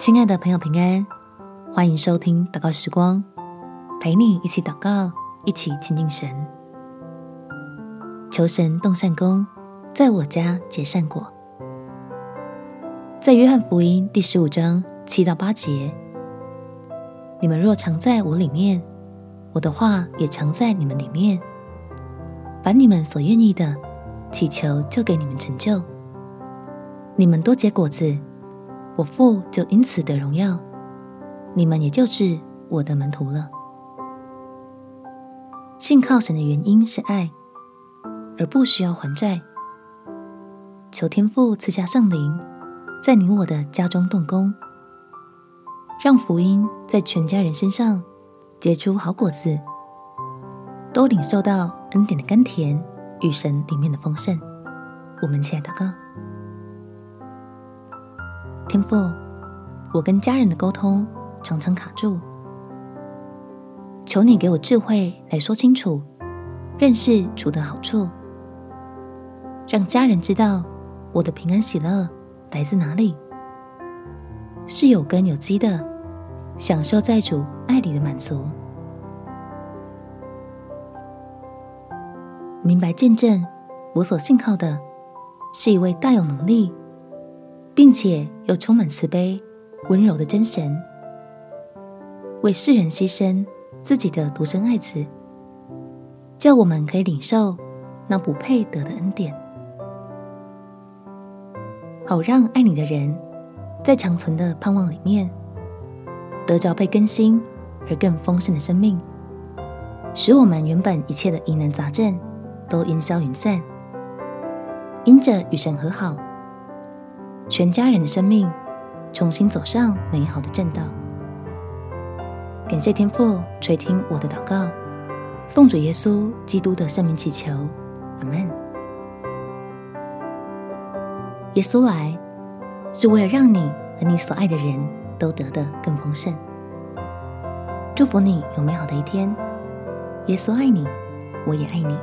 親愛的朋友，平安！歡迎收聽禱告時光，陪你一起禱告，一起親近神。求神動善工，在我家結善果。在約翰福音第十五章七到八節：“你們若常在我裡面，我的話也常在你們裡面。凡你們所願意的，祈求就給你們成就。你們多結果子。”我父就因此得榮耀，你們也就是我的門徒了。信靠神的原因是愛，而不需要還債。求天父賜下聖靈，在你我的家中動工，讓福音在全家人身上結出好果子，都領受到恩典的甘甜與神裡面的豐盛。我們親愛的哥。父，我跟家人的溝通常常卡住，求你給我智慧來說清楚，認識主的好處，讓家人知道我的平安喜樂來自哪裡，是有根有基的，享受在主愛裡的滿足，明白見證我所信靠的是一位大有能力，並且又充滿慈悲、溫柔的真神，為世人犧牲自己的獨生愛子，叫我們可以領受那不配得的恩典，好讓愛你的人在長存的盼望裡面得着被更新而更豐盛的生命，使我們原本一切的疑難雜症都煙消雲散，因着與神和好。全家人的生命重新走上美好的正道。感謝天父垂聽我的禱告，奉主耶穌基督的聖名祈求，阿門。耶穌來是為了讓你和你所愛的人都得的更豐盛。祝福你有美好的一天。耶穌愛你，我也愛你。